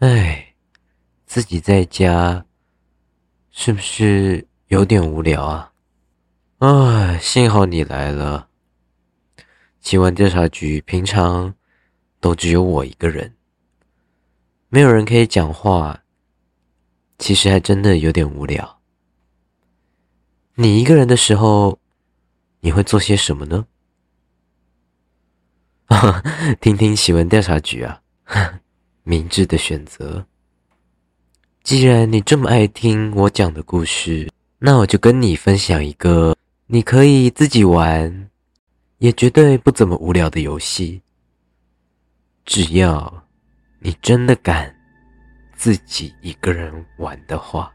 哎，自己在家是不是有點無聊啊？啊，幸好你來了。奇聞調查局平常都只有我一個人，沒有人可以講話，其實還真的有點無聊。你一個人的時候，你會做些什麼呢？啊，聽聽奇聞調查局啊。明智的選擇。既然你這麼愛聽我講的故事，那我就跟你分享一個你可以自己玩，也絕對不怎麼無聊的遊戲。只要你真的敢自己一個人玩的話，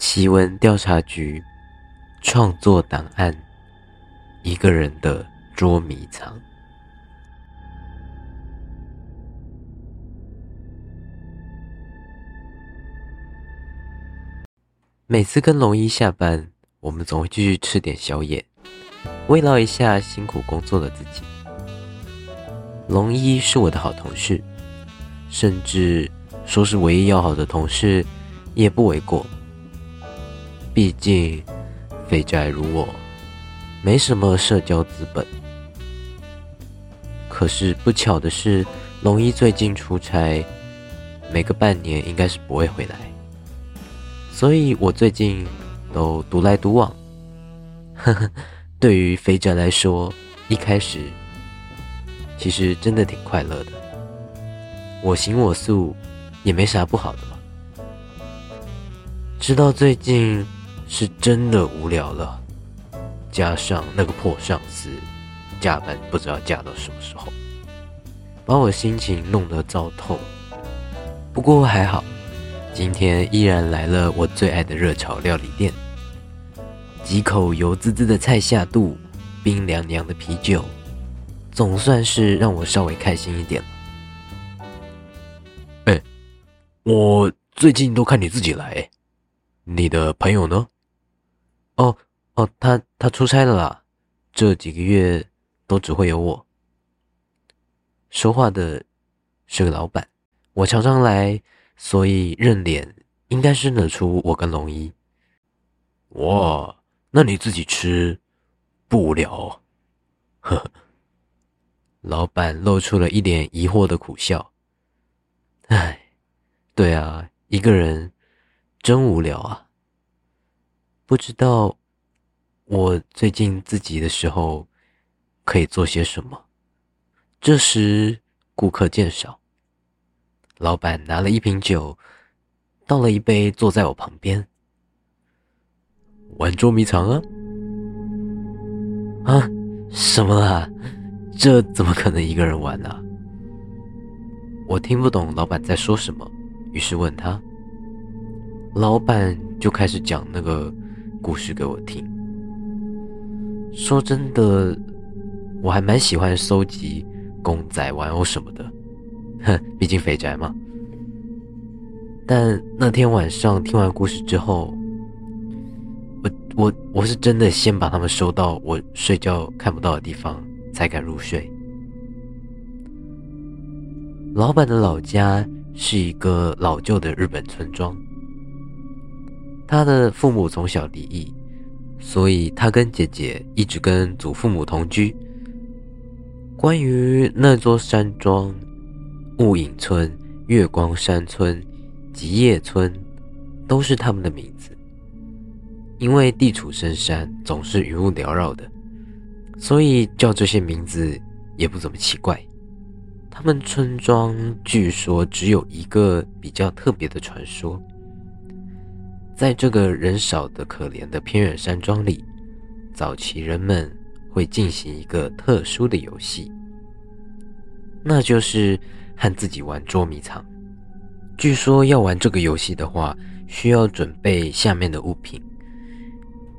《奇聞調查局》創作檔案，一個人的。捉迷藏。每次跟龍一下班，我們總會繼續吃點宵夜，慰勞一下辛苦工作的自己。龍一是我的好同事，甚至說是唯一要好的同事，也不為過。畢竟，廢宅如我，沒什麼社交資本。可是不巧的是，龍一最近出差，沒個半年應該是不會回來，所以我最近都獨來獨往。呵呵，對於肥宅來說，一開始其實真的挺快樂的，我行我素也沒啥不好的嘛。直到最近是真的無聊了，加上那個破上司，加班不知道加到什麼時候。把我心情弄得糟透，不過還好，今天依然來了我最愛的熱炒料理店，幾口油滋滋的菜下肚，冰涼涼的啤酒，總算是讓我稍微開心一點了。哎，我最近都看你自己來，你的朋友呢？哦哦，他他出差了啦，這幾個月都只會有我。說話的，是個老闆。我常常來，所以認臉，應該認得出我跟龍一。哇，那你自己吃，不無聊？呵呵。老闆露出了一臉疑惑的苦笑。哎，對啊，一個人真無聊啊。不知道，我最近自己的時候，可以做些什麼。這時，顧客漸少。老闆拿了一瓶酒，倒了一杯，坐在我旁邊。玩捉迷藏啊？啊，什麼啊？這怎麼可能一個人玩呢？啊？我聽不懂老闆在說什麼，於是問他。老闆就開始講那個故事給我聽。說真的，我還蠻喜歡收集。公仔、玩偶什麼的，哼，畢竟肥宅嘛。但那天晚上聽完故事之後，我、我、我是真的先把他們收到我睡覺看不到的地方，才敢入睡。老闆的老家是一個老舊的日本村莊，他的父母從小離異，所以他跟姐姐一直跟祖父母同居。關於那座山莊，霧隱村、月光山村、極夜村，都是他們的名字。因為地處深山，總是雲霧繚繞的，所以叫這些名字也不怎麼奇怪。他們村莊據說只有一個比較特別的傳說，在這個人少得可憐的偏遠山莊裡，早期人們，會進行一個特殊的遊戲，那就是和自己玩捉迷藏。據說要玩這個遊戲的話，需要準備下面的物品，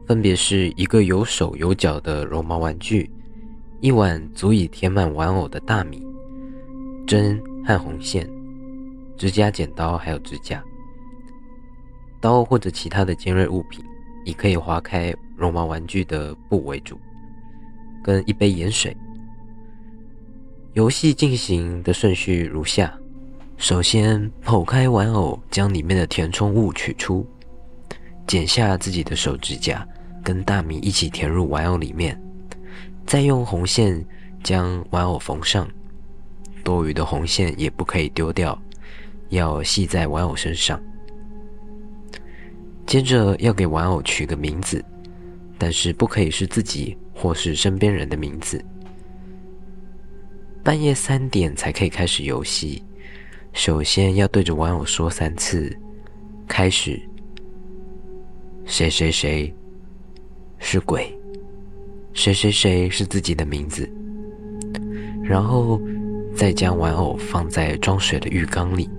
分別是一個有手有腳的絨毛玩具，一碗足以填滿玩偶的大米，針和紅線，指甲剪刀，還有指甲刀或者其他的尖銳物品，以可以劃開絨毛玩具的布為主。跟一杯鹽水。遊戲進行的順序如下：首先，剖開玩偶，將裡面的填充物取出，剪下自己的手指甲，跟大米一起填入玩偶裡面，再用紅線將玩偶縫上。多餘的紅線也不可以丟掉，要繫在玩偶身上。接着，要給玩偶取個名字。但是不可以是自己或是身邊人的名字。半夜三點才可以開始遊戲，首先要對着玩偶說三次“開始”，誰誰誰是鬼，誰誰誰是自己的名字，然後再將玩偶放在裝水的浴缸裡，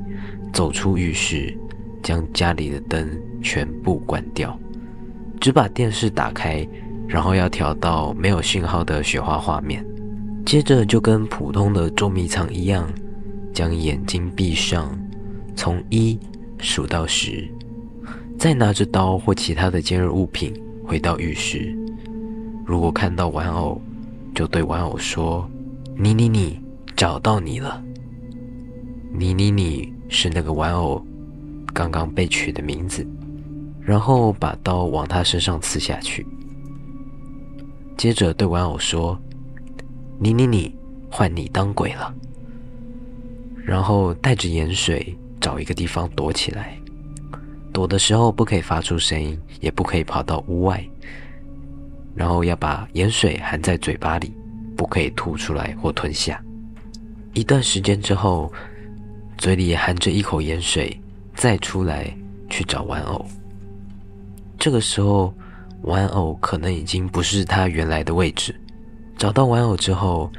走出浴室，將家裡的燈全部關掉。只把電視打開，然後要調到沒有信號的雪花畫面。接着就跟普通的捉迷藏一樣，將眼睛閉上，從一數到十，再拿着刀或其他的尖銳物品回到浴室。如果看到玩偶，就對玩偶說：“你你你，找到你了。”“你你你”是那個玩偶剛剛被取的名字。然後把刀往他身上刺下去，接着對玩偶說：“你你你，換你當鬼了。”然後帶着鹽水找一個地方躲起來，躲的時候不可以發出聲音，也不可以跑到屋外。然後要把鹽水含在嘴巴裡，不可以吐出來或吞下。一段時間之後，嘴裡含着一口鹽水，再出來去找玩偶。這個時候，玩偶可能已經不是他原來的位置。找到玩偶之後，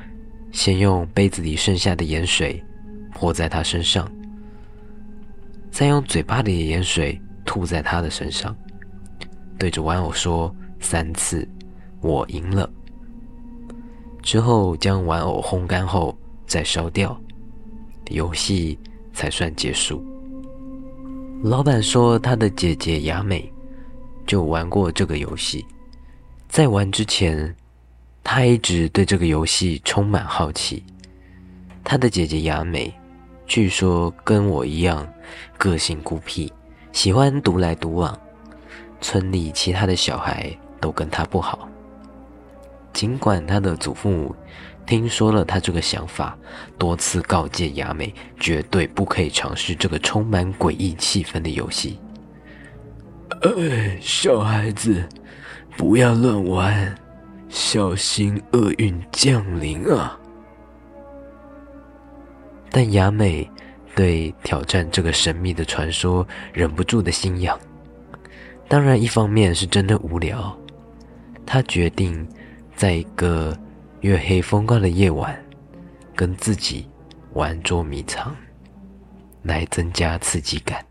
先用杯子裡剩下的鹽水潑在他身上，再用嘴巴裡的鹽水吐在他的身上，對着玩偶說三次“我贏了”。之後將玩偶烘乾後再燒掉，遊戲才算結束。老闆說他的姐姐雅美。就玩過這個遊戲，在玩之前，他一直對這個遊戲充滿好奇。他的姐姐雅美，據說跟我一樣，個性孤僻，喜歡獨來獨往，村裡其他的小孩都跟他不好。儘管他的祖父母聽說了他這個想法，多次告誡雅美絕對不可以嘗試這個充滿詭異氣氛的遊戲。呃，小孩子，不要亂玩，小心厄運降臨啊！但雅美對挑戰這個神秘的傳說忍不住的心癢，當然，一方面是真的無聊，她決定在一個月黑風高的夜晚跟自己玩捉迷藏，來增加刺激感。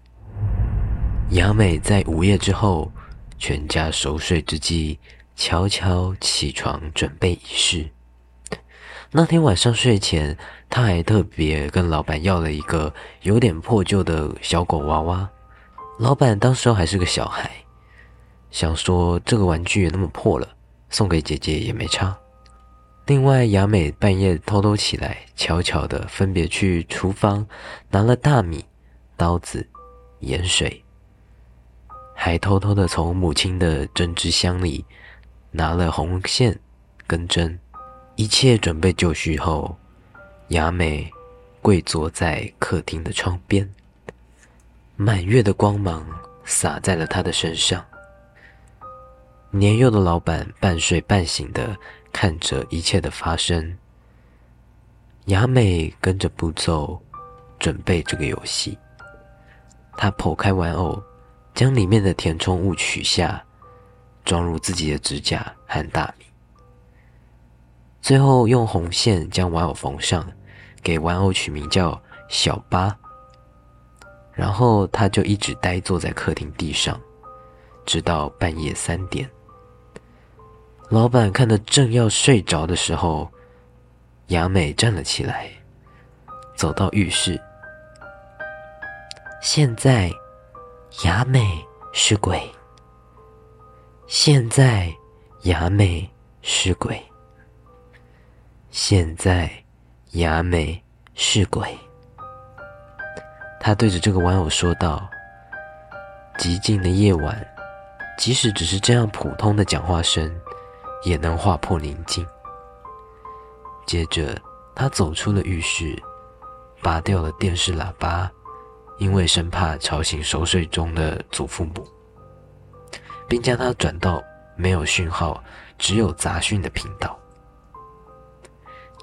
雅美在午夜之後，全家熟睡之際，悄悄起床準備儀式。那天晚上睡前，他還特別跟老板要了一個有點破舊的小狗娃娃。老板當時候還是個小孩，想說這個玩具那麼破了，送給姐姐也沒差。另外，雅美半夜偷偷起來，悄悄的分別去廚房拿了大米、刀子、鹽水。還偷偷地從母親的針織箱裡拿了紅線、跟針，一切準備就緒後，雅美跪坐在客廳的窗邊，滿月的光芒灑在了她的身上。年幼的老板半睡半醒地看着一切的發生，雅美跟着步驟準備這個遊戲，她剖開玩偶。將裡面的填充物取下，裝入自己的指甲和大米，最後用紅線將玩偶縫上，給玩偶取名叫小八。然後他就一直呆坐在客廳地上，直到半夜三點。老板看得正要睡着的時候，雅美站了起來，走到浴室。現在。雅美是鬼。現在，雅美是鬼。現在，雅美是鬼。他對着這個玩偶說道：“寂靜的夜晚，即使只是這樣普通的講話聲，也能劃破寧靜。”接着，他走出了浴室，拔掉了電視喇叭。因為生怕吵醒熟睡中的祖父母，並將它轉到沒有訊號、只有雜訊的頻道。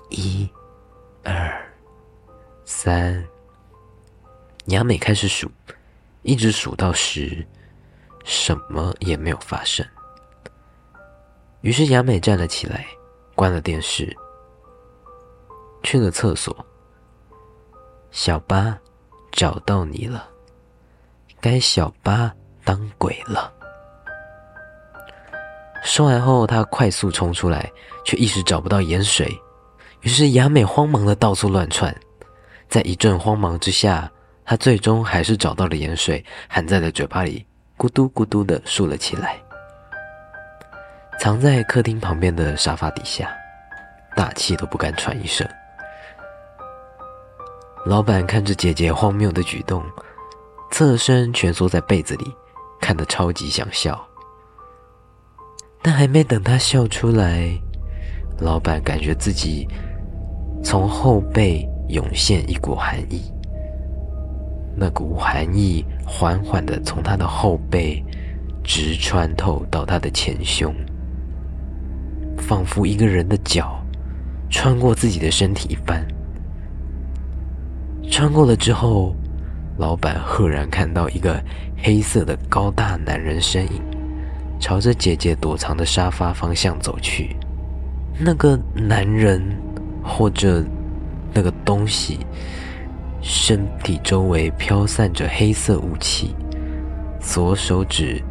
一、二、三，雅美開始數，一直數到十，什麼也沒有發生。於是雅美站了起來，關了電視，去了廁所。小巴。找到你了，該小八當鬼了。說完後，他快速衝出來，卻一時找不到鹽水。於是，雅美慌忙的到處亂竄，在一陣慌忙之下，他最終還是找到了鹽水，含在了嘴巴裡，咕嘟咕嘟的漱了起來。藏在客廳旁邊的沙發底下，大氣都不敢喘一聲。老闆看着姐姐荒謬的舉動，側身蜷縮在被子裡，看得超級想笑。但還沒等他笑出來，老闆感覺自己從後背湧現一股寒意，那股寒意緩緩地從他的後背直穿透到他的前胸，仿佛一個人的腳穿過自己的身體一般。穿過了之後，老闆赫然看到一個黑色的高大男人身影，朝着姐姐躲藏的沙發方向走去。那個男人，或者那個東西，身體周圍飄散着黑色霧氣，左手指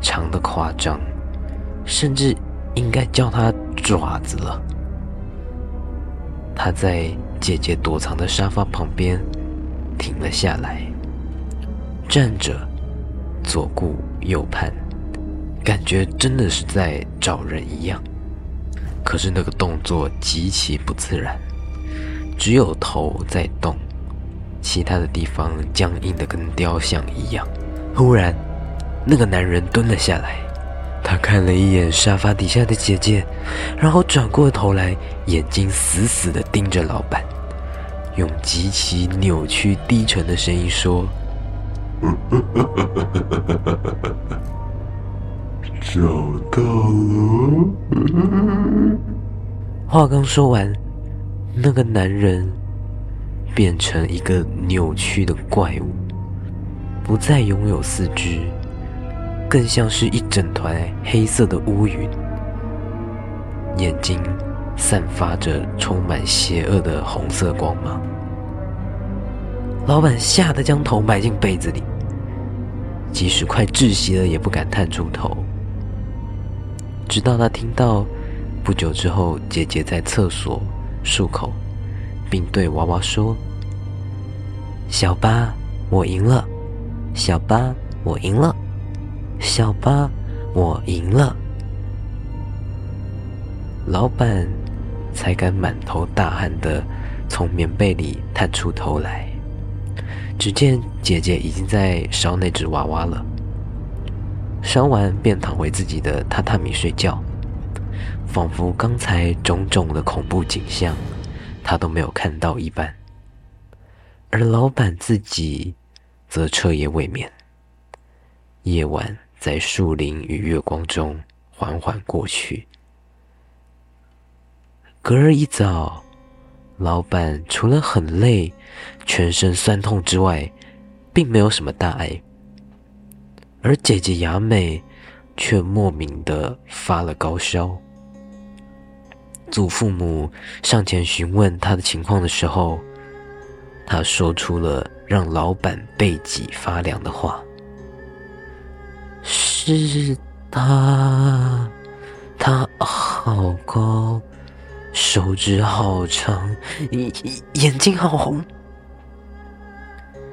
長得誇張，甚至應該叫他爪子了。他在。姐姐躲藏的沙發旁邊，停了下來，站着，左顧右盼，感覺真的是在找人一樣。可是那個動作極其不自然，只有頭在動，其他的地方僵硬的跟雕像一樣。忽然，那個男人蹲了下來，他看了一眼沙發底下的姐姐，然後轉過頭來，眼睛死死的盯着老闆。用極其扭曲、低沉的聲音說：“找到了。”話剛說完，那個男人變成一個扭曲的怪物，不再擁有四肢，更像是一整團黑色的烏雲，眼睛，散發着充滿邪惡的紅色光芒，老闆嚇得將頭埋進被子裡，即使快窒息了也不敢探出頭。直到他聽到不久之後姐姐在廁所漱口，並對娃娃說：“小八，我贏了，小八，我贏了，小八，我贏了。”老闆。才敢滿頭大汗地從棉被裡探出頭來，只見姐姐已經在燒那隻娃娃了。燒完便躺回自己的榻榻米睡覺，仿佛剛才種種的恐怖景象，她都沒有看到一般。而老闆自己，則徹夜未眠。夜晚在樹林與月光中緩緩過去。隔日一早，老板除了很累、全身酸痛之外，並沒有什麼大礙。而姐姐雅美卻莫名的發了高燒。祖父母上前詢問他的情況的時候，他說出了讓老板背脊發涼的話：“是他，他好高。”手指好長，眼，眼睛好紅。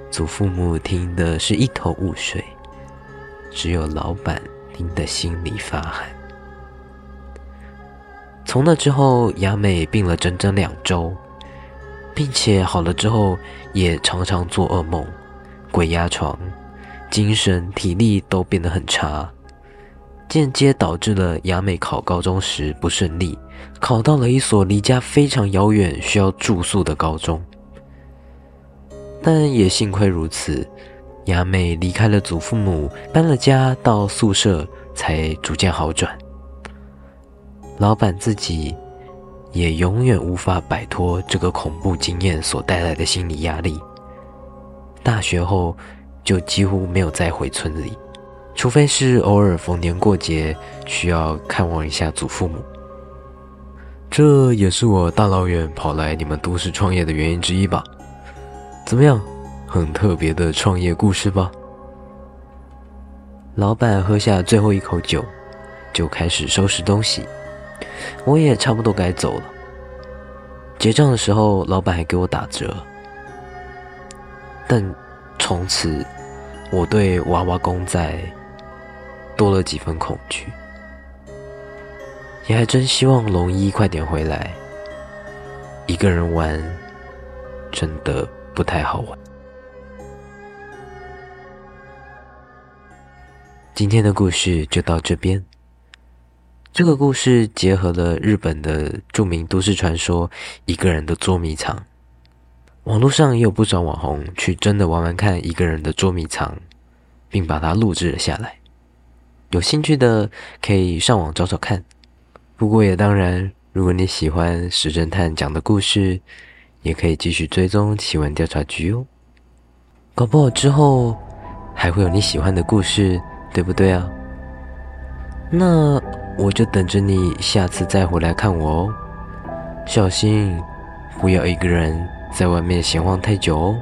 祖父母聽得是一頭霧水，只有老板聽得心裡發寒。從那之後，雅美病了整整兩周，並且好了之後也常常做噩夢，鬼壓床，精神體力都變得很差。間接導致了雅美考高中時不順利，考到了一所離家非常遙遠、需要住宿的高中。但也幸虧如此，雅美離開了祖父母，搬了家到宿舍，才逐漸好轉。老闆自己也永遠無法擺脫這個恐怖經驗所帶來的心理壓力，大學後就幾乎沒有再回村裡。除非是偶爾逢年過節，需要看望一下祖父母，這也是我大老遠跑來你們都市創業的原因之一吧。怎麼樣，很特別的創業故事吧？老闆喝下最後一口酒，就開始收拾東西。我也差不多該走了。結賬的時候，老闆還給我打折。但從此，我對娃娃公仔。多了幾分恐懼，也還真希望龍一快點回來。一個人玩，真的不太好玩。今天的故事就到這邊。這個故事結合了日本的著名都市傳說——一個人的捉迷藏。網絡上也有不少網紅去真的玩玩看一個人的捉迷藏，並把它錄製了下來。有興趣的可以上網找找看，不過也當然，如果你喜歡石偵探講的故事，也可以繼續追蹤奇聞調查局哦。搞不好之後還會有你喜歡的故事，對不對啊？那我就等着你下次再回來看我哦。小心不要一個人在外面閒晃太久哦。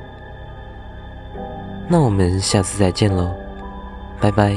那我們下次再見嘍，拜拜。